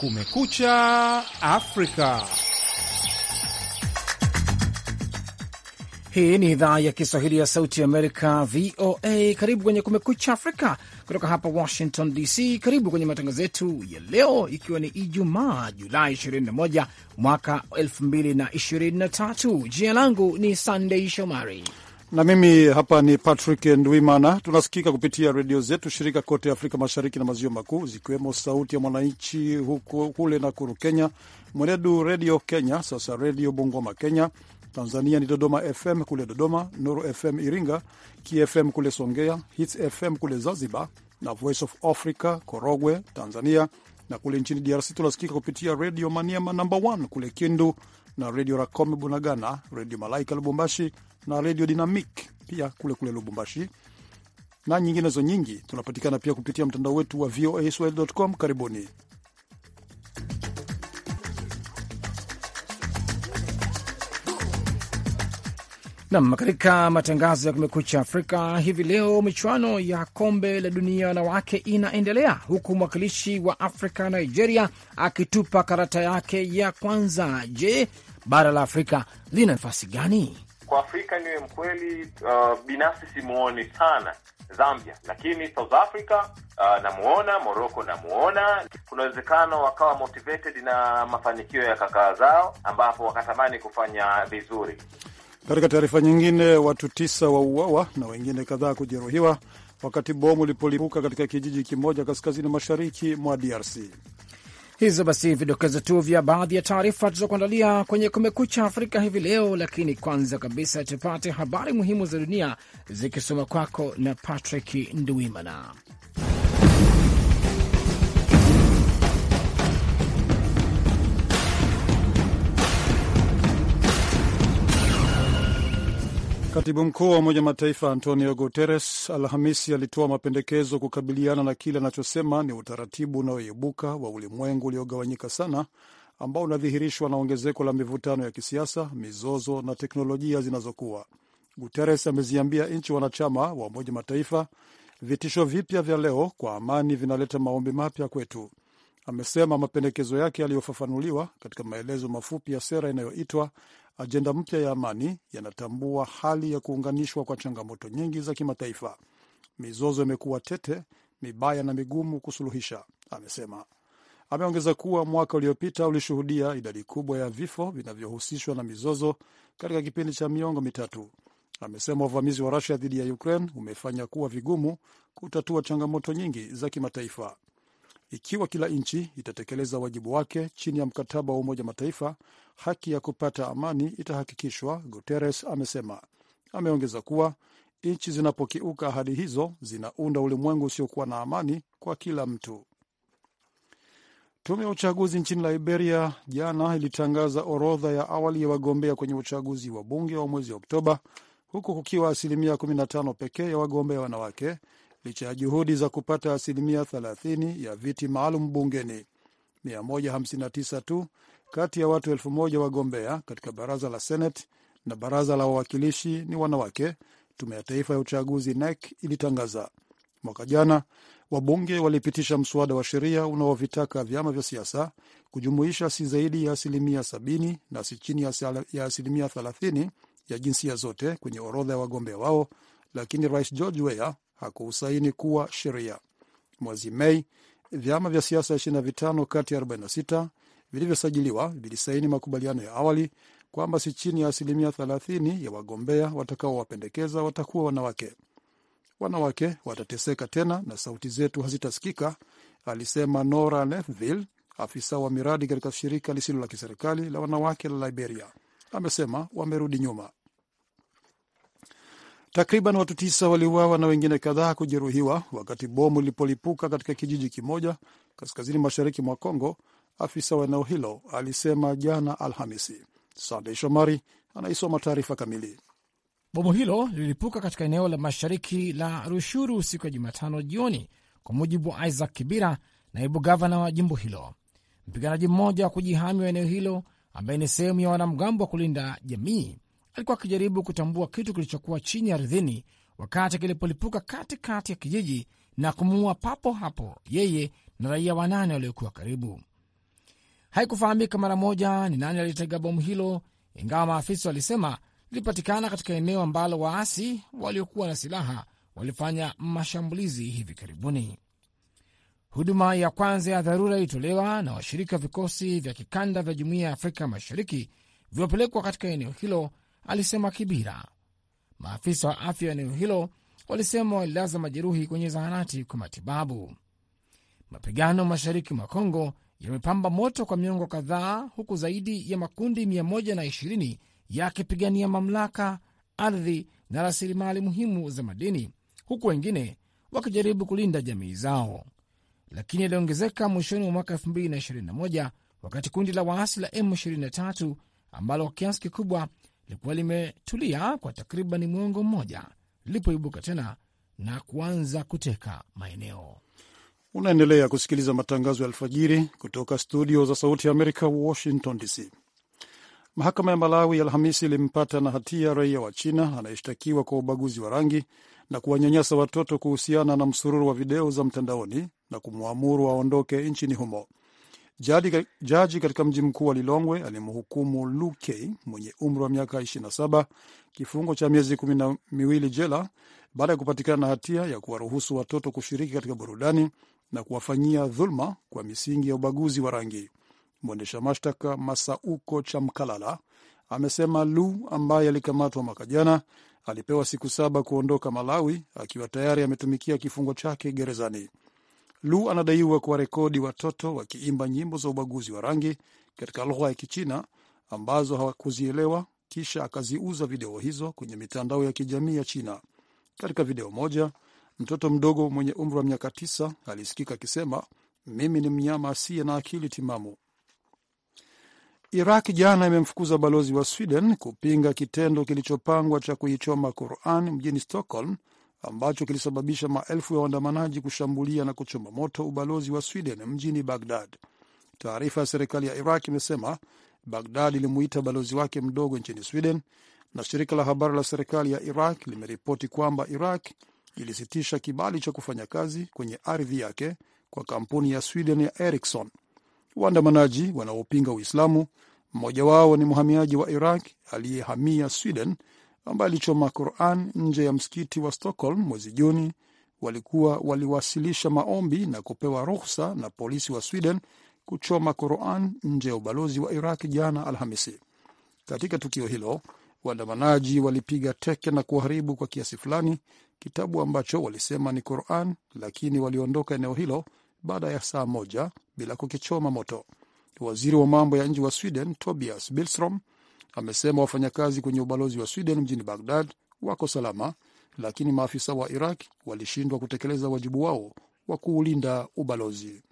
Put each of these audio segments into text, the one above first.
Kumekucha Afrika. Hii ni idhaa ya Kiswahili ya Sauti Amerika, VOA. Karibu kwenye Kumekucha Afrika kutoka hapa Washington DC. Karibu kwenye matangazo yetu ya leo, ikiwa ni Ijumaa Julai 21 mwaka 2023. Jina langu ni Sandei Shomari na mimi hapa ni Patrick Ndwimana. Tunasikika kupitia redio zetu shirika kote Afrika Mashariki na Maziwa Makuu, zikiwemo Sauti ya Mwananchi huku kule Nakuru Kenya, Mwenedu Redio Kenya, sasa Redio Bungoma Kenya. Tanzania ni Dodoma FM kule Dodoma, Nuru FM Iringa, KFM kule Songea, Hits FM kule Zanzibar na Voice of Africa Korogwe, Tanzania. Na kule nchini DRC tunasikika kupitia Redio Maniema namba 1 kule Kindu na Redio Racome Bunagana, Redio Malaika Lubumbashi na Redio Dinamik pia kule kule Lubumbashi na nyinginezo nyingi. Tunapatikana pia kupitia mtandao wetu wa voa swahili.com. Karibuni. Nam, katika matangazo ya Kumekucha Afrika hivi leo, michuano ya kombe la dunia wanawake inaendelea huku mwakilishi wa Afrika Nigeria akitupa karata yake ya kwanza. Je, bara la Afrika lina nafasi gani? Kwa Afrika niwe mkweli, uh, binafsi simuoni sana Zambia, lakini South Africa uh, namuona. Morocco namuona, kuna uwezekano wakawa motivated na mafanikio ya kakaa zao, ambapo wakatamani kufanya vizuri. Katika taarifa nyingine, watu tisa wauawa na wengine kadhaa kujeruhiwa wakati bomu lipolipuka katika kijiji kimoja kaskazini mashariki mwa DRC. Hizo basi vidokezo tu vya baadhi ya taarifa tulizokuandalia kwenye Kumekucha Afrika hivi leo, lakini kwanza kabisa tupate habari muhimu za dunia zikisoma kwako na Patrick Nduimana. Katibu mkuu wa Umoja Mataifa Antonio Guterres Alhamisi alitoa mapendekezo kukabiliana na kile anachosema ni utaratibu unaoibuka wa ulimwengu uliogawanyika sana ambao unadhihirishwa na ongezeko la mivutano ya kisiasa, mizozo na teknolojia zinazokuwa. Guterres ameziambia nchi wanachama wa Umoja Mataifa vitisho vipya vya leo kwa amani vinaleta maombi mapya kwetu. Amesema mapendekezo yake yaliyofafanuliwa katika maelezo mafupi ya sera inayoitwa ajenda mpya ya amani yanatambua hali ya kuunganishwa kwa changamoto nyingi za kimataifa. Mizozo imekuwa tete, mibaya na migumu kusuluhisha, amesema. Ameongeza kuwa mwaka uliopita ulishuhudia idadi kubwa ya vifo vinavyohusishwa na mizozo katika kipindi cha miongo mitatu. Amesema uvamizi wa Rusia dhidi ya Ukraine umefanya kuwa vigumu kutatua changamoto nyingi za kimataifa ikiwa kila nchi itatekeleza wajibu wake chini ya mkataba wa Umoja Mataifa, haki ya kupata amani itahakikishwa, Guterres amesema. Ameongeza kuwa nchi zinapokiuka ahadi hizo zinaunda ulimwengu usiokuwa na amani kwa kila mtu. Tume ya uchaguzi nchini Liberia jana ilitangaza orodha ya awali ya wagombea kwenye uchaguzi wa bunge wa mwezi Oktoba, huku kukiwa asilimia 15 pekee ya wagombea wanawake, licha ya juhudi za kupata asilimia 30 ya viti maalum bungeni. 159 tu kati ya watu 1 wagombea katika baraza la Senate na baraza la wawakilishi ni wanawake, tume ya taifa ya uchaguzi NEC ilitangaza. Mwaka jana wabunge walipitisha mswada wa sheria unaovitaka vyama vya siasa kujumuisha si zaidi ya asilimia 70 na si chini ya asilimia 30 ya jinsia zote kwenye orodha ya wagombea wao, lakini rais George Weah hakuusaini kuwa sheria. Mwezi Mei, vyama vya siasa 25 kati ya 46 vilivyosajiliwa vilisaini makubaliano ya awali kwamba si chini ya asilimia 30 ya wagombea watakaowapendekeza watakuwa wanawake. Wanawake watateseka tena na sauti zetu hazitasikika, alisema Nora Lethville, afisa wa miradi katika shirika lisilo la kiserikali la wanawake la Liberia. Amesema wamerudi nyuma. Takriban watu tisa waliuawa na wengine kadhaa kujeruhiwa wakati bomu lilipolipuka katika kijiji kimoja kaskazini mashariki mwa Kongo, afisa wa eneo hilo alisema jana Alhamisi. Sandey Shomari anaisoma taarifa kamili. Bomu hilo lililipuka katika eneo la mashariki la Rushuru siku ya Jumatano jioni, kwa mujibu wa Isaac Kibira, naibu gavana wa jimbo hilo. Mpiganaji mmoja wa kujihami wa eneo hilo ambaye ni sehemu ya wanamgambo wa kulinda jamii alikuwa akijaribu kutambua kitu kilichokuwa chini ardhini wakati kilipolipuka katikati ya kijiji na kumuua papo hapo yeye na raia wanane waliokuwa karibu. Haikufahamika mara moja ni nani alitega bomu hilo, ingawa maafisa walisema lilipatikana katika eneo ambalo waasi waliokuwa na silaha walifanya mashambulizi hivi karibuni. Huduma ya kwanza ya dharura ilitolewa na washirika vikosi vya kikanda vya Jumuiya ya Afrika Mashariki vilivyopelekwa katika eneo hilo alisema Kibira. Maafisa wa afya eneo hilo walisema walilaza majeruhi kwenye zahanati kwa matibabu. Mapigano mashariki mwa Kongo yamepamba moto kwa miongo kadhaa, huku zaidi ya makundi 120 yakipigania ya mamlaka, ardhi na rasilimali muhimu za madini, huku wengine wakijaribu kulinda jamii zao, lakini yaliongezeka mwishoni mwa mwaka 2021 wakati kundi la waasi la M23 ambalo kwa kiasi kikubwa lilikuwa limetulia kwa takriban mwongo mmoja lilipoibuka tena na kuanza kuteka maeneo. Unaendelea kusikiliza matangazo ya alfajiri kutoka studio za Sauti ya Amerika, Washington DC. Mahakama ya Malawi Alhamisi ilimpata na hatia raia wa China anayeshtakiwa kwa ubaguzi wa rangi na kuwanyanyasa watoto kuhusiana na msururu wa video za mtandaoni na kumwamuru aondoke nchini humo. Jaji katika mji mkuu wa Lilongwe alimhukumu Luke mwenye umri wa miaka 27 kifungo cha miezi kumi na miwili jela baada ya kupatikana na hatia ya kuwaruhusu watoto kushiriki katika burudani na kuwafanyia dhuluma kwa misingi ya ubaguzi wa rangi. Mwendesha mashtaka Masauko Chamkalala amesema Lu ambaye alikamatwa mwaka jana alipewa siku saba kuondoka Malawi akiwa tayari ametumikia kifungo chake gerezani. Lu anadaiwa kuwarekodi watoto wakiimba nyimbo za ubaguzi wa rangi katika lugha ya Kichina ambazo hawakuzielewa, kisha akaziuza video hizo kwenye mitandao ya kijamii ya China. Katika video moja, mtoto mdogo mwenye umri wa miaka tisa alisikika akisema, mimi ni mnyama asiye na akili timamu. Iraq jana imemfukuza balozi wa Sweden kupinga kitendo kilichopangwa cha kuichoma Quran mjini Stockholm ambacho kilisababisha maelfu ya waandamanaji kushambulia na kuchoma moto ubalozi wa Sweden mjini Bagdad. Taarifa ya serikali ya Iraq imesema Bagdad ilimuita balozi wake mdogo nchini Sweden, na shirika la habari la serikali ya Iraq limeripoti kwamba Iraq ilisitisha kibali cha kufanya kazi kwenye ardhi yake kwa kampuni ya Sweden ya Ericsson. Waandamanaji wanaopinga Uislamu, mmoja wao ni mhamiaji wa Iraq aliyehamia Sweden kwamba alichoma Quran nje ya msikiti wa Stockholm mwezi Juni, walikuwa waliwasilisha maombi na kupewa ruhusa na polisi wa Sweden kuchoma Quran nje ya ubalozi wa Iraq jana Alhamisi. Katika tukio hilo, waandamanaji walipiga teke na kuharibu kwa kiasi fulani kitabu ambacho walisema ni Quran, lakini waliondoka eneo hilo baada ya saa moja bila kukichoma moto. Waziri wa mambo ya nje wa Sweden Tobias Billstrom amesema wafanyakazi kwenye ubalozi wa Sweden mjini Bagdad wako salama, lakini maafisa wa Iraq walishindwa kutekeleza wajibu wao wa kuulinda ubalozi.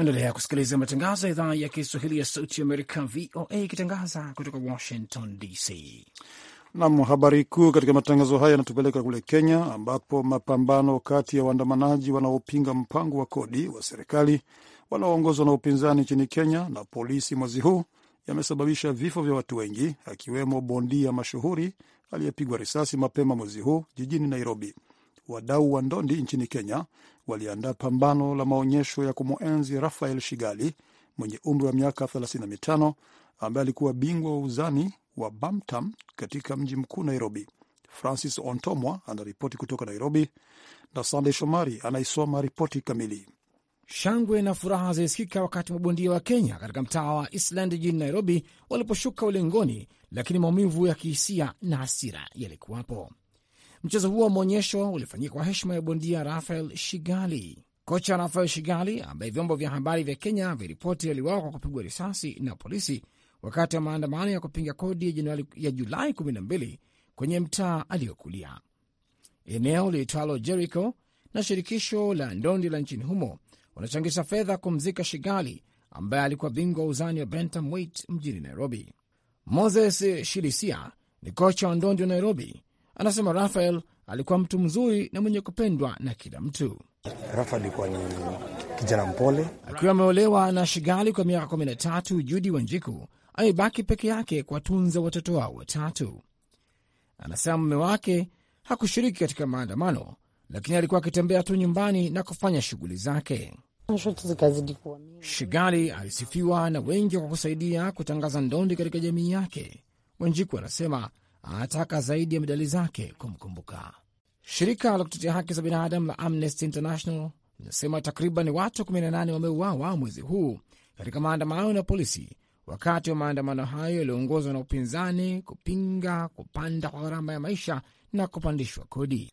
Endelea kusikiliza matangazo ya idhaa ya Kiswahili ya Sauti ya Amerika, VOA, ikitangaza kutoka Washington DC. Nam, habari kuu katika matangazo haya yanatupeleka kule Kenya, ambapo mapambano kati ya waandamanaji wanaopinga mpango wa kodi wa serikali wanaoongozwa na upinzani nchini Kenya na polisi mwezi huu yamesababisha vifo vya watu wengi, akiwemo bondia mashuhuri aliyepigwa risasi mapema mwezi huu jijini Nairobi. Wadau wa ndondi nchini Kenya waliandaa pambano la maonyesho ya kumwenzi Rafael Shigali mwenye umri wa miaka 35 ambaye alikuwa bingwa wa uzani wa Bamtam katika mji mkuu Nairobi. Francis Ontomwa anaripoti kutoka Nairobi na Sandey Shomari anaisoma ripoti kamili. Shangwe na furaha zilisikika wakati mabondia wa Kenya katika mtaa wa Island jijini Nairobi waliposhuka ulingoni, lakini maumivu ya kihisia na hasira yalikuwapo. Mchezo huo wa maonyesho ulifanyika kwa heshima ya bondia Rafael Shigali. Kocha Rafael Shigali, ambaye vyombo vya habari vya Kenya viripoti aliwawa kwa kupigwa risasi na polisi, wakati wa maandamano ya kupinga kodi ya Julai 12 kwenye mtaa aliyokulia. Eneo liitwalo Jericho na shirikisho la ndondi la nchini humo wanachangisha fedha kumzika Shigali ambaye alikuwa bingwa wa uzani wa bantamweight mjini Nairobi. Moses Shilisia ni kocha wa ndondi wa Nairobi, anasema Rafael alikuwa mtu mzuri na mwenye kupendwa na kila mtu. Rafa alikuwa ni kijana mpole. Akiwa ameolewa na Shigali kwa miaka 13, Judi Wanjiku amebaki peke yake kuwatunza watoto wao watatu. Anasema mume wake hakushiriki katika maandamano, lakini alikuwa akitembea tu nyumbani na kufanya shughuli zake. Shigali alisifiwa na wengi kwa kusaidia kutangaza ndondi katika jamii yake. Wanjiku anasema anataka zaidi ya medali zake kumkumbuka. Shirika la kutetea haki za binadamu la Amnesty International linasema takriban watu 18 wameuawa mwezi huu katika maandamano na polisi wakati wa maandamano hayo yaliyoongozwa na upinzani kupinga kupanda kwa gharama ya maisha na kupandishwa kodi.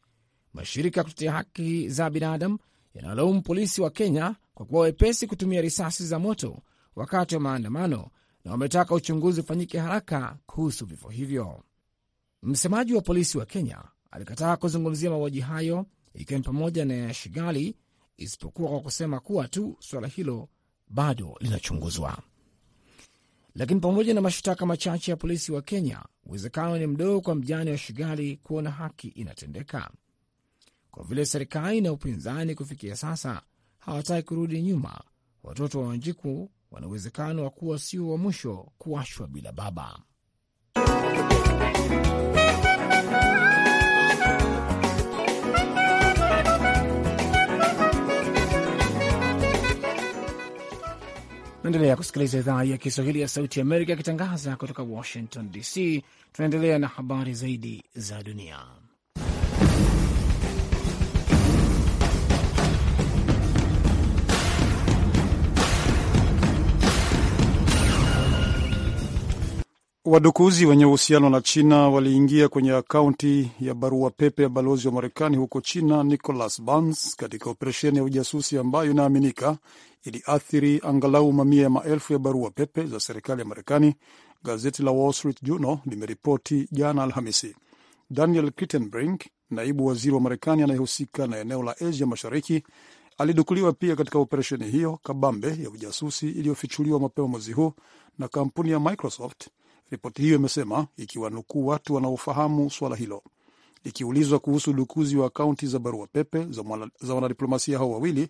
Mashirika ya kutetea haki za binadamu yanalaumu polisi wa Kenya kwa kuwa wepesi kutumia risasi za moto wakati wa maandamano na wametaka uchunguzi ufanyike haraka kuhusu vifo hivyo. Msemaji wa polisi wa Kenya alikataa kuzungumzia mauaji hayo, ikiwa ni pamoja na ya Shigali, isipokuwa kwa kusema kuwa tu suala hilo bado linachunguzwa. Lakini pamoja na mashtaka machache ya polisi wa Kenya, uwezekano ni mdogo kwa mjane wa Shigali kuona haki inatendeka, kwa vile serikali na upinzani kufikia sasa hawataki kurudi nyuma. Watoto wa Wanjiku wana uwezekano wa kuwa sio wa mwisho kuashwa bila baba. Naendelea kusikiliza idhaa ya Kiswahili ya Sauti Amerika ikitangaza kutoka Washington DC. Tunaendelea na habari zaidi za dunia. Wadukuzi wenye uhusiano na China waliingia kwenye akaunti ya barua pepe ya balozi wa Marekani huko China, Nicholas Burns, katika operesheni ya ujasusi ambayo inaaminika iliathiri angalau mamia ya maelfu ya barua pepe za serikali ya Marekani, gazeti la Wall Street Journal limeripoti jana Alhamisi. Daniel Crittenbrink, naibu waziri wa Marekani anayehusika na eneo la Asia Mashariki, alidukuliwa pia katika operesheni hiyo kabambe ya ujasusi iliyofichuliwa mapema mwezi huu na kampuni ya Microsoft, ripoti hiyo imesema ikiwanukuu watu wanaofahamu swala hilo. Ikiulizwa kuhusu udukuzi wa akaunti za barua pepe za, mwana, za wanadiplomasia hao wawili,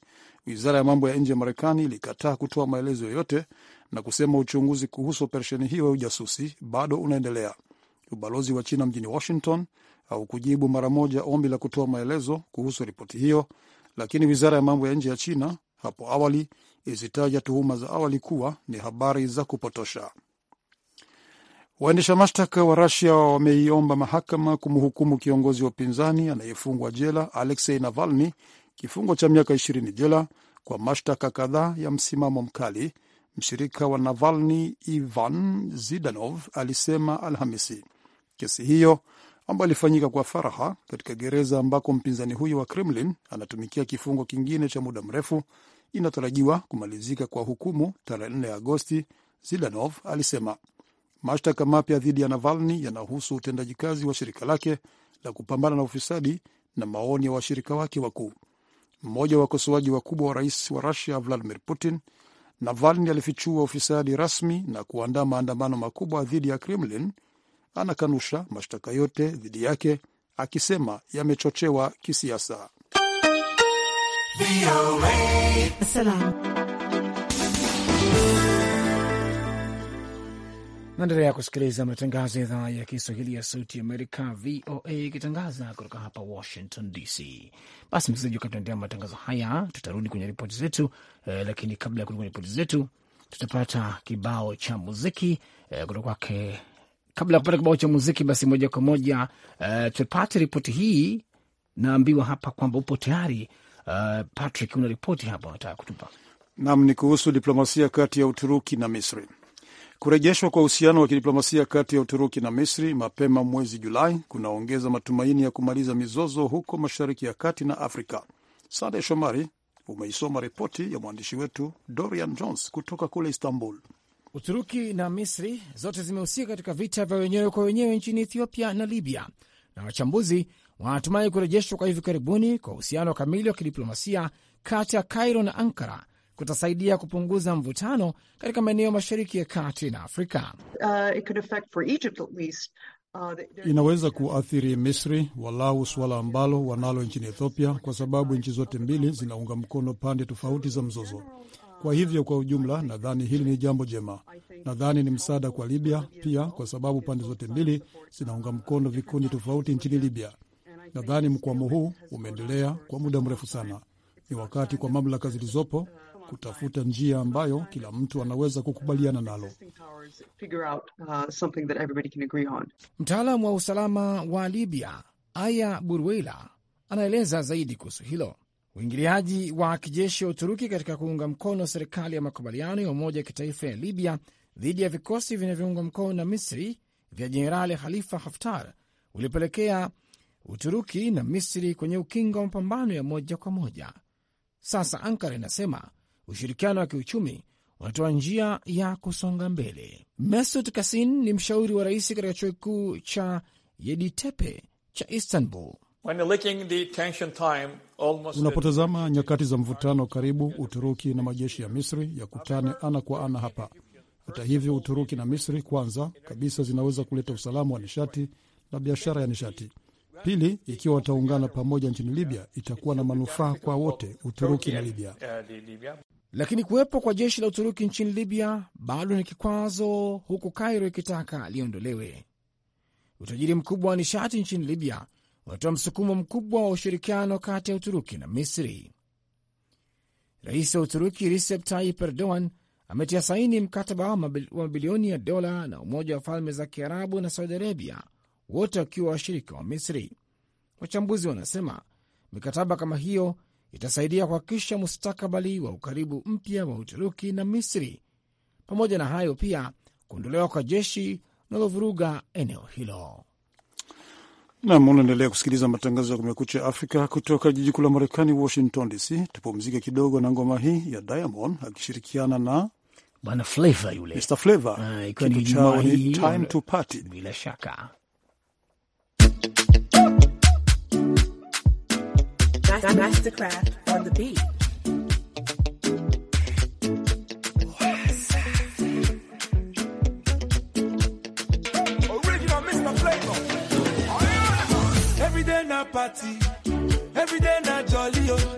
wizara ya mambo ya nje ya Marekani ilikataa kutoa maelezo yoyote na kusema uchunguzi kuhusu operesheni hiyo ya ujasusi bado unaendelea. Ubalozi wa China mjini Washington haukujibu mara moja ombi la kutoa maelezo kuhusu ripoti hiyo, lakini wizara ya mambo ya nje ya China hapo awali ilizitaja tuhuma za awali kuwa ni habari za kupotosha. Waendesha mashtaka wa Rasia wameiomba mahakama kumhukumu kiongozi wa upinzani anayefungwa jela Alexei Navalny kifungo cha miaka ishirini jela kwa mashtaka kadhaa ya msimamo mkali. Mshirika wa Navalny Ivan Zidanov alisema Alhamisi kesi hiyo ambayo ilifanyika kwa faraha katika gereza ambako mpinzani huyo wa Kremlin anatumikia kifungo kingine cha muda mrefu inatarajiwa kumalizika kwa hukumu tarehe 4 Agosti. Zidanov alisema Mashtaka mapya dhidi ya Navalny yanahusu utendaji kazi wa shirika lake la kupambana na ufisadi na maoni ya wa washirika wake wakuu. Mmoja wa wakosoaji wakubwa wa rais wa Rusia Vladimir Putin, Navalny alifichua ufisadi rasmi na kuandaa maandamano makubwa dhidi ya Kremlin. Anakanusha mashtaka yote dhidi yake akisema yamechochewa kisiasa. Naendelea kusikiliza matangazo ya idhaa ya Kiswahili ya Sauti ya Amerika, VOA, ikitangaza kutoka hapa Washington DC. Basi msikilizaji, wakati tunaendelea matangazo haya, tutarudi kwenye ripoti zetu eh, lakini kabla ya kurudi kwenye ripoti zetu tutapata kibao cha muziki eh, kutoka kwake. Kabla ya kupata kibao cha muziki, basi moja kwa moja eh, tupate ripoti hii. Naambiwa hapa kwamba upo tayari eh, Patrick, una ripoti hapa unataka kutupa? Nam, ni kuhusu diplomasia kati ya Uturuki na Misri. Kurejeshwa kwa uhusiano wa kidiplomasia kati ya Uturuki na Misri mapema mwezi Julai kunaongeza matumaini ya kumaliza mizozo huko Mashariki ya Kati na Afrika. Sande Shomari umeisoma ripoti ya mwandishi wetu Dorian Jones kutoka kule Istanbul. Uturuki na Misri zote zimehusika katika vita vya wenyewe kwa wenyewe nchini Ethiopia na Libya, na wachambuzi wanatumai kurejeshwa kwa hivi karibuni kwa uhusiano kamili wa kidiplomasia kati ya Kairo na Ankara kutasaidia kupunguza mvutano katika maeneo mashariki ya kati na Afrika. Uh, it could affect for Egypt at least. Uh, inaweza kuathiri Misri walau suala ambalo wanalo nchini Ethiopia, kwa sababu nchi zote mbili zinaunga mkono pande tofauti za mzozo. Kwa hivyo kwa ujumla, nadhani hili ni jambo jema. Nadhani ni msaada kwa Libya pia, kwa sababu pande zote mbili zinaunga mkono vikundi tofauti nchini Libya. Nadhani mkwamo huu umeendelea kwa muda mrefu sana. Ni wakati kwa mamlaka zilizopo kutafuta njia ambayo kila mtu anaweza kukubaliana nalo. Mtaalamu wa usalama wa Libya Aya Burweila anaeleza zaidi kuhusu hilo. Uingiliaji wa kijeshi wa Uturuki katika kuunga mkono serikali ya makubaliano ya umoja wa kitaifa ya Libya dhidi ya vikosi vinavyoungwa mkono na Misri vya Jenerali Khalifa Haftar ulipelekea Uturuki na Misri kwenye ukingo wa mapambano ya moja kwa moja. Sasa Ankara inasema ushirikiano wa kiuchumi unatoa njia ya kusonga mbele. Mesut Kasin ni mshauri wa rais katika chuo kikuu cha Yeditepe cha Istanbul. Unapotazama nyakati za mvutano karibu, Uturuki na majeshi ya Misri yakutane ana kwa ana hapa. Hata hivyo, Uturuki na Misri kwanza kabisa zinaweza kuleta usalama wa nishati na biashara ya nishati. Pili, ikiwa wataungana pamoja nchini Libya itakuwa na manufaa kwa wote, Uturuki na Libya. Lakini kuwepo kwa jeshi la Uturuki nchini Libya bado ni kikwazo, huku Kairo ikitaka liondolewe. Utajiri mkubwa wa nishati nchini Libya unatoa msukumo mkubwa wa ushirikiano kati ya Uturuki na Misri. Rais wa Uturuki Recep Tayyip Erdogan ametia saini mkataba wa mabilioni ya dola na Umoja wa Falme za Kiarabu na Saudi Arabia, wote wakiwa washirika wa Misri. Wachambuzi wanasema mikataba kama hiyo itasaidia kuhakikisha mustakabali wa ukaribu mpya wa Uturuki na Misri. Pamoja na hayo, pia kuondolewa kwa jeshi linalovuruga eneo hilo. Nam, unaendelea kusikiliza matangazo ya Kumekucha Afrika kutoka jiji kuu la Marekani, Washington DC. Tupumzike kidogo na ngoma hii ya Diamond akishirikiana na bwana Fleva yule, Mr Fleva. Ah, ikiwa ni time to party, bila shaka Mastercraft on the beat. Original Mr. Flavor. Every day na party, every day na jolly. Oh.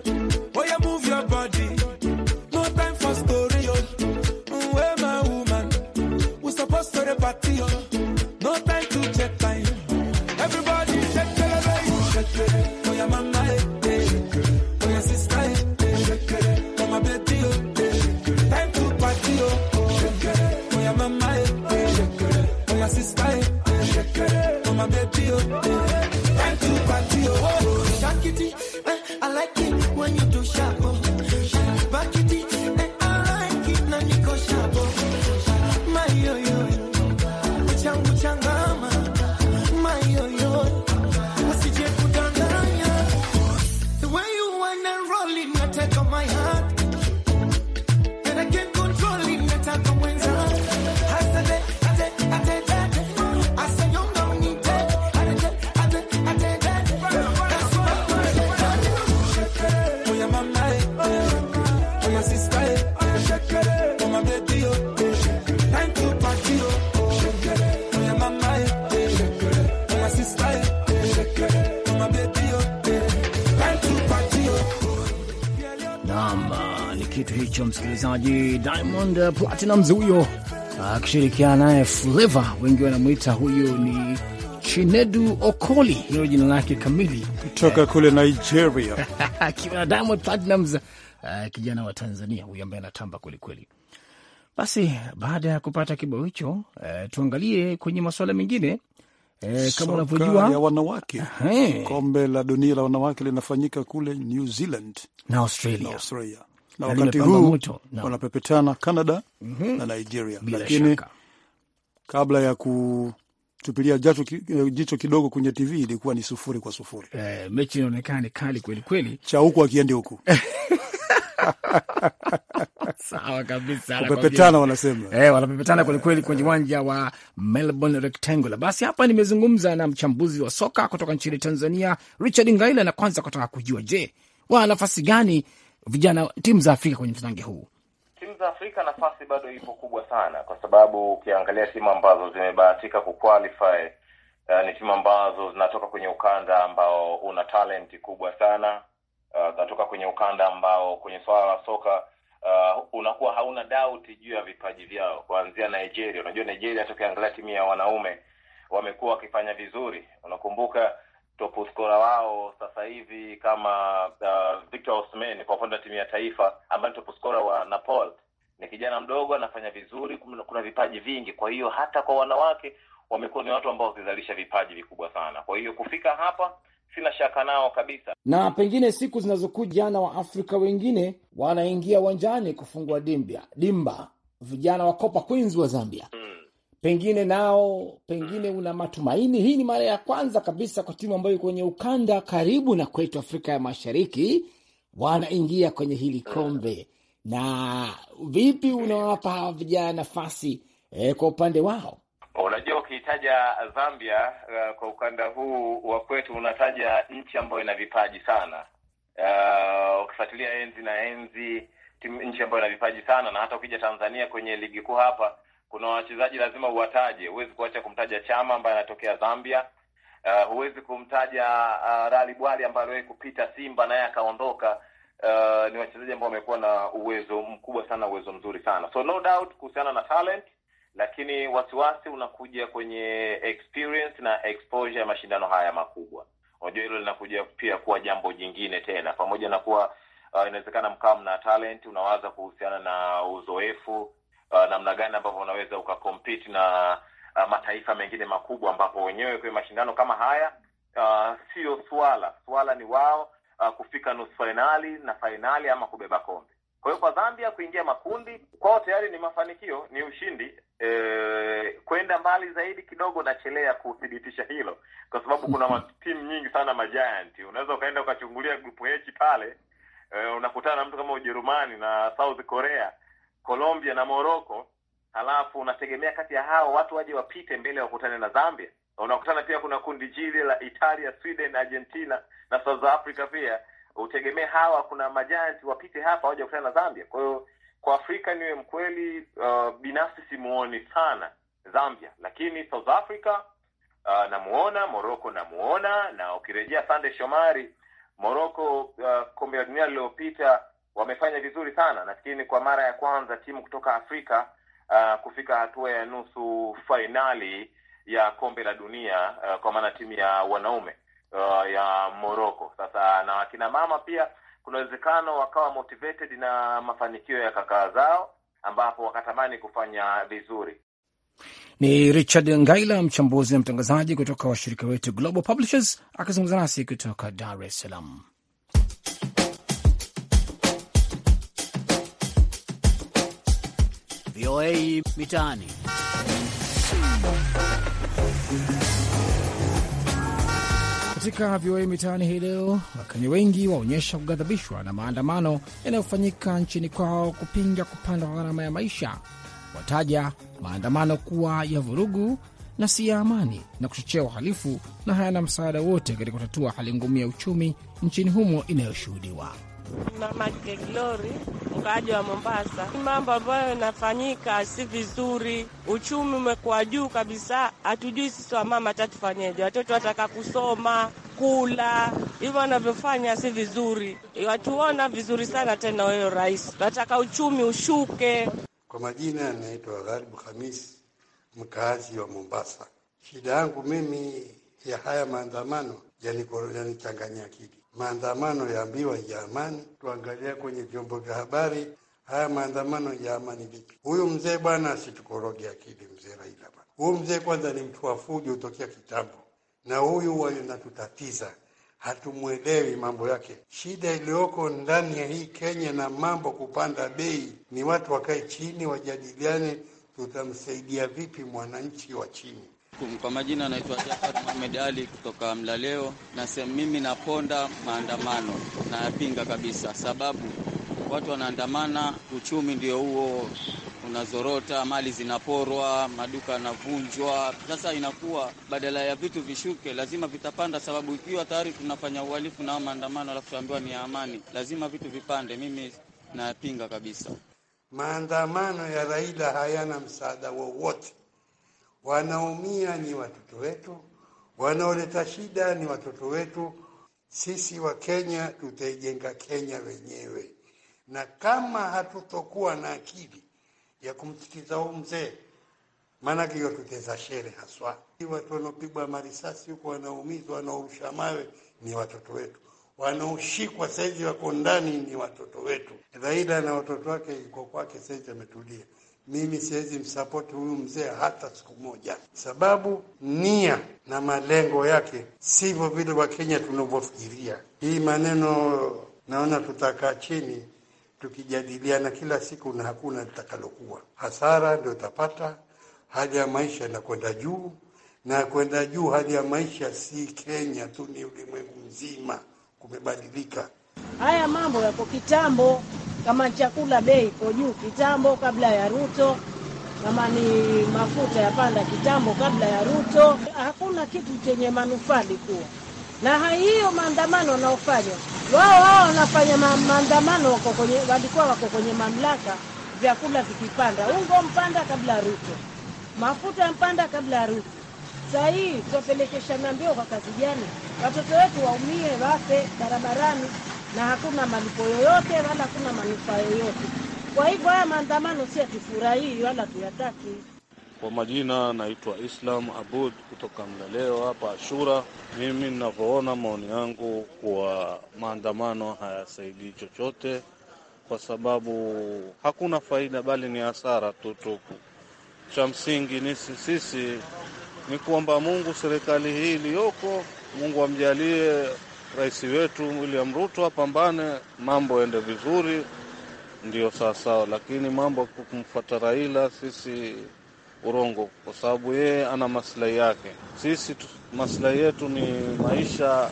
Naam, ni kitu hicho msikilizaji, Diamond Platinumz huyo akishirikiana naye Flavor, wengi wanamwita huyu ni Chinedu Okoli, hilo jina lake kamili, kutoka kule Nigeria akiwa na Diamond Platinumz, eh, kijana wa Tanzania huyo ambaye anatamba kwelikweli. Basi baada ya kupata kibao hicho, eh, tuangalie kwenye masuala mengine E, kama unavyojua ya wanawake kombe la dunia la wanawake linafanyika kule New Zealand na Australia, na Australia. Na wakati huu no. wanapepetana Canada mm -hmm. na Nigeria Bila lakini shaka. kabla ya kutupilia jacho eh, jicho kidogo kwenye TV ilikuwa ni sufuri kwa sufuri. Eh, mechi inaonekana ni kali kweli kweli, cha huku akiendi huku Sawa kabisa, wanapepetana wanasema, eh, wanapepetana kwelikweli kwenye uwanja wa Melbourne Rectangle. Basi hapa nimezungumza na mchambuzi wa soka kutoka nchini Tanzania, Richard Ngaila, na kwanza kutaka kujua, je, wana nafasi gani vijana timu za Afrika kwenye mtanange huu? Timu za Afrika nafasi bado ipo kubwa sana, kwa sababu ukiangalia timu ambazo zimebahatika kuqualify uh, ni timu ambazo zinatoka kwenye ukanda ambao una talenti kubwa sana uh, kwenye ukanda ambao kwenye swala la soka uh, unakuwa hauna doubt juu ya vipaji vyao, kuanzia Nigeria. Unajua Nigeria, hata ukiangalia timu ya wanaume wamekuwa wakifanya vizuri. Unakumbuka top scorer wao sasa hivi kama uh, Victor Osimhen kwa upande wa timu ya taifa ambaye ni top scorer wa Napoli ni kijana mdogo, anafanya vizuri. Kuna vipaji vingi, kwa hiyo hata kwa wanawake wamekuwa ni watu ambao wakizalisha vipaji vikubwa sana. Kwa hiyo kufika hapa sina shaka nao kabisa. Na pengine siku zinazokuja wa afrika wengine wanaingia uwanjani kufungua dimbia dimba, vijana wa Kopa Queens wa Zambia mm. Pengine nao pengine mm. una matumaini. Hii ni mara ya kwanza kabisa kwa timu ambayo kwenye ukanda karibu na kwetu Afrika ya Mashariki wanaingia kwenye hili mm. kombe. Na vipi unawapa hawa vijana nafasi eh, kwa upande wao? Unajua, ukiitaja Zambia uh, kwa ukanda huu wa kwetu unataja nchi ambayo ina vipaji sana uh, ukifuatilia enzi na enzi timu, nchi ambayo ina vipaji sana, na hata ukija Tanzania kwenye ligi kuu hapa kuna wachezaji lazima uwataje, huwezi kuacha kumtaja Chama ambaye anatokea Zambia. Uh, huwezi kumtaja uh, Rali Bwali ambaye aliwahi kupita Simba naye akaondoka. Uh, ni wachezaji ambao wamekuwa na uwezo mkubwa sana, uwezo mzuri sana, so no doubt kuhusiana na talent lakini wasiwasi unakuja kwenye experience na exposure ya mashindano haya makubwa. Unajua, hilo linakuja pia kuwa jambo jingine tena, pamoja na kuwa uh, inawezekana mkawa mna talent, unawaza kuhusiana na uzoefu uh, namna gani ambavyo unaweza ukakompiti na uh, mataifa mengine makubwa, ambapo wenyewe kwenye mashindano kama haya uh, siyo swala, swala ni wao uh, kufika nusu fainali na fainali ama kubeba kombe. Kwa hiyo kwa Zambia kuingia makundi kwao tayari ni mafanikio, ni ushindi. E, kwenda mbali zaidi kidogo nachelea kuthibitisha hilo, kwa sababu kuna mhm. timu nyingi sana majiant. Unaweza ukaenda ukachungulia grupu H pale, e, unakutana na mtu kama Ujerumani na South Korea, Colombia na Morocco, halafu unategemea kati ya hao watu waje wapite mbele wakutane na Zambia. Unakutana pia kuna kundi jili la Italia, Sweden, Argentina na South Africa pia utegemee hawa kuna majanti wapite hapa waja kutana na Zambia. Kwa hiyo kwa Afrika niwe mkweli, uh, binafsi simuoni sana Zambia, lakini South Africa uh, namuona, moroko namuona, na ukirejea Sande Shomari, moroko uh, kombe la dunia lililopita wamefanya vizuri sana. Nafikiri ni kwa mara ya kwanza timu kutoka Afrika uh, kufika hatua ya nusu fainali ya kombe la dunia uh, kwa maana timu ya wanaume uh, ya Morocco. Sasa na wakina mama pia kuna uwezekano wakawa motivated na mafanikio ya kaka zao, ambapo wakatamani kufanya vizuri. Ni Richard Ngaila, mchambuzi na mtangazaji kutoka washirika wetu Global Publishers, akizungumza nasi kutoka Dar es Salaam. VOA Mitaani. Katika VOA Mitaani hii leo, Wakenya wengi waonyesha kughadhabishwa na maandamano yanayofanyika nchini kwao kupinga kupanda kwa gharama ya maisha. Wataja maandamano kuwa ya vurugu na si ya amani na kuchochea uhalifu na hayana msaada wote katika kutatua hali ngumu ya uchumi nchini humo inayoshuhudiwa. Mama Glory, mkaaji wa Mombasa. Mambo ambayo yanafanyika si vizuri, uchumi umekuwa juu kabisa. Hatujui sisi wamama tatufanyeje, watoto wataka kusoma kula hivyo wanavyofanya si vizuri, watuona vizuri sana tena. Wewe rais, nataka uchumi ushuke. Kwa majina yanaitwa Gharibu Khamis, mkaazi wa Mombasa. Shida yangu mimi ya haya maandamano yanichanganya akili maandamano ya ambiwa ya amani. Tuangalia kwenye vyombo vya habari haya maandamano ya amani vipi? Huyu mzee bwana asitukoroge akili, mzee Raila bwana. Huyu mzee kwanza ni mtu wa fujo utokea kitambo, na huyu huwa natutatiza hatumwelewi mambo yake. Shida iliyoko ndani ya hii Kenya na mambo kupanda bei, ni watu wakae chini wajadiliane, tutamsaidia vipi mwananchi wa chini alaikum. Kwa majina anaitwa Jafar Muhamed Ali kutoka Mlaleo. Nasema mimi naponda maandamano, nayapinga kabisa, sababu watu wanaandamana, uchumi ndio huo unazorota, mali zinaporwa, maduka yanavunjwa. Sasa inakuwa badala ya vitu vishuke, lazima vitapanda, sababu ikiwa tayari tunafanya uhalifu na maandamano, alafu tuambiwa ni ya amani, lazima vitu vipande. Mimi nayapinga kabisa. Maandamano ya Raila hayana msaada wowote Wanaumia ni watoto wetu, wanaoleta shida ni watoto wetu. Sisi wa Kenya tutaijenga Kenya wenyewe, na kama hatutokuwa na akili ya kumsikiza huu mzee, maanake hiyo tuteza shere haswa. Watu wanaopigwa marisasi huko, wanaumizwa, wanaorusha mawe ni watoto wetu, wanaoshikwa saizi wako ndani ni watoto wetu. Raila na watoto wake iko kwake saizi ametulia mimi siwezi msapoti huyu mzee hata siku moja, sababu nia na malengo yake sivyo vile Wakenya tunavyofikiria. Hii maneno naona tutakaa chini tukijadiliana kila siku na hakuna litakalokuwa. Hasara ndio utapata, hali ya maisha inakwenda juu na kwenda juu. Hali ya maisha si Kenya tu, ni ulimwengu mzima kumebadilika. Haya mambo yako kitambo kama chakula bei iko juu kitambo kabla ya Ruto, kama ni mafuta yapanda kitambo kabla ya Ruto. Hakuna kitu chenye manufaa likuwa na hiyo maandamano wanaofanya wao, wao wanafanya maandamano wako kwenye, walikuwa wako kwenye mamlaka, vyakula vikipanda, ungo mpanda kabla ya Ruto, mafuta mpanda kabla ya Ruto. Saa hii na mbio kwa kazi gani? Watoto wetu waumie, wafe barabarani na hakuna malipo yoyote wala hakuna manufaa yoyote. Kwa hivyo haya maandamano si atufurahii wala tuyataki. Kwa majina naitwa Islam Abud kutoka Mlaleo hapa Ashura. Mimi ninavyoona, maoni yangu kuwa maandamano hayasaidii chochote, kwa sababu hakuna faida, bali ni hasara tu tupu. Cha msingi nisi sisi ni kuomba Mungu serikali hii iliyoko, Mungu amjalie rais wetu William Ruto apambane, mambo yaende vizuri, ndio sawasawa, lakini mambo kumfuata Raila sisi urongo, kwa sababu yeye ana maslahi yake. Sisi maslahi yetu ni maisha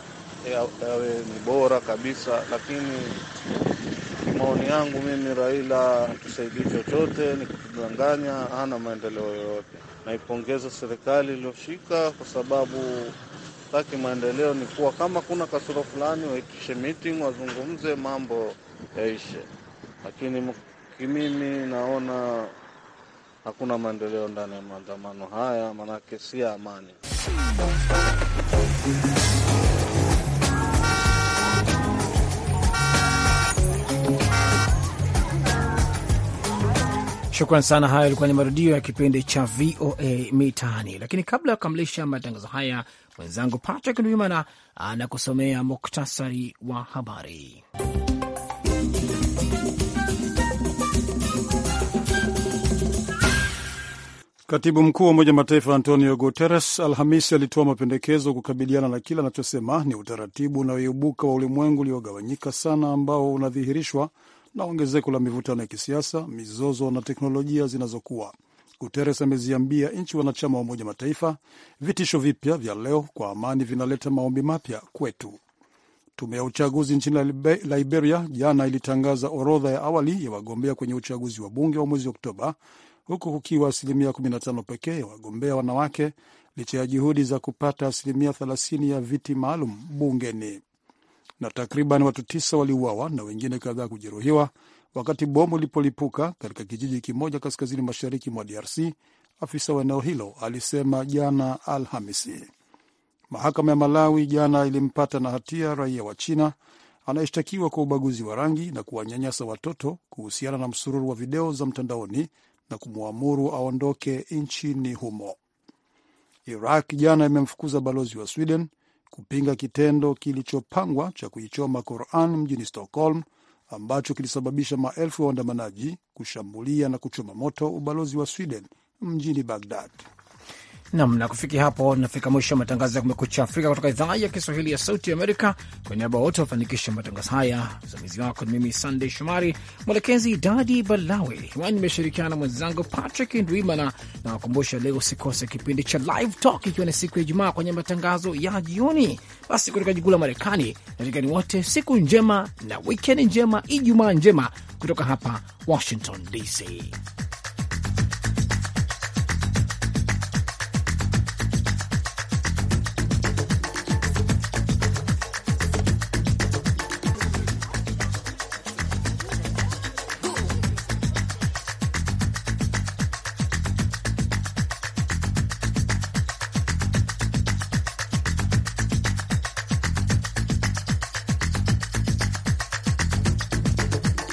yawe ni bora kabisa, lakini maoni yangu mimi, Raila tusaidii chochote, ni kutudanganya, hana maendeleo yoyote. Naipongeza serikali iliyoshika kwa sababu Taki maendeleo ni kuwa kama kuna kasoro fulani, waitishe meeting, wazungumze, mambo yaishe. Lakini kimimi naona hakuna maendeleo ndani ya maandamano haya, maanake si ya amani. Shukran sana. Hayo ilikuwa ni marudio ya kipindi cha VOA Mitaani, lakini kabla ya kukamilisha matangazo haya Mwenzangu Patrick Ndwimana anakusomea muktasari wa habari. Katibu mkuu wa Umoja Mataifa Antonio Guterres Alhamisi alitoa mapendekezo kukabiliana na kile anachosema ni utaratibu unaoibuka wa ulimwengu uliogawanyika sana ambao unadhihirishwa na ongezeko la mivutano ya kisiasa, mizozo na teknolojia zinazokuwa. Guteres ameziambia nchi wanachama wa Umoja Mataifa, vitisho vipya vya leo kwa amani vinaleta maombi mapya kwetu. Tume ya uchaguzi nchini Liberia jana ilitangaza orodha ya awali ya wagombea kwenye uchaguzi wa bunge wa mwezi Oktoba, huku kukiwa asilimia 15 pekee ya wagombea wanawake licha ya juhudi za kupata asilimia 30 ya viti maalum bungeni. Na takriban watu tisa waliuawa na wengine kadhaa kujeruhiwa wakati bomu lipolipuka katika kijiji kimoja kaskazini mashariki mwa DRC, afisa wa eneo hilo alisema jana Alhamisi. Mahakama ya Malawi jana ilimpata na hatia raia wa China anayeshtakiwa kwa ubaguzi wa rangi na kuwanyanyasa watoto kuhusiana na msururu wa video za mtandaoni na kumwamuru aondoke nchini humo. Iraq jana imemfukuza balozi wa Sweden kupinga kitendo kilichopangwa cha kuichoma Quran mjini Stockholm ambacho kilisababisha maelfu ya waandamanaji kushambulia na kuchoma moto ubalozi wa Sweden mjini Bagdad nam na kufikia hapo, nafika mwisho wa matangazo ya Kumekucha Afrika kutoka idhaa ya Kiswahili ya Sauti Amerika. Kwa niaba wote wafanikisha matangazo haya, msimamizi wako ni mimi Sandey Shomari, mwelekezi Dadi Balawe. Hewani nimeshirikiana na mwenzangu Patrick Ndwimana na wakumbusha, leo usikose kipindi cha Live Talk ikiwa ni siku ya Ijumaa kwenye matangazo ya jioni. Basi kutoka jikuu la Marekani, natikani wote siku njema na wikendi njema, Ijumaa njema, kutoka hapa Washington DC.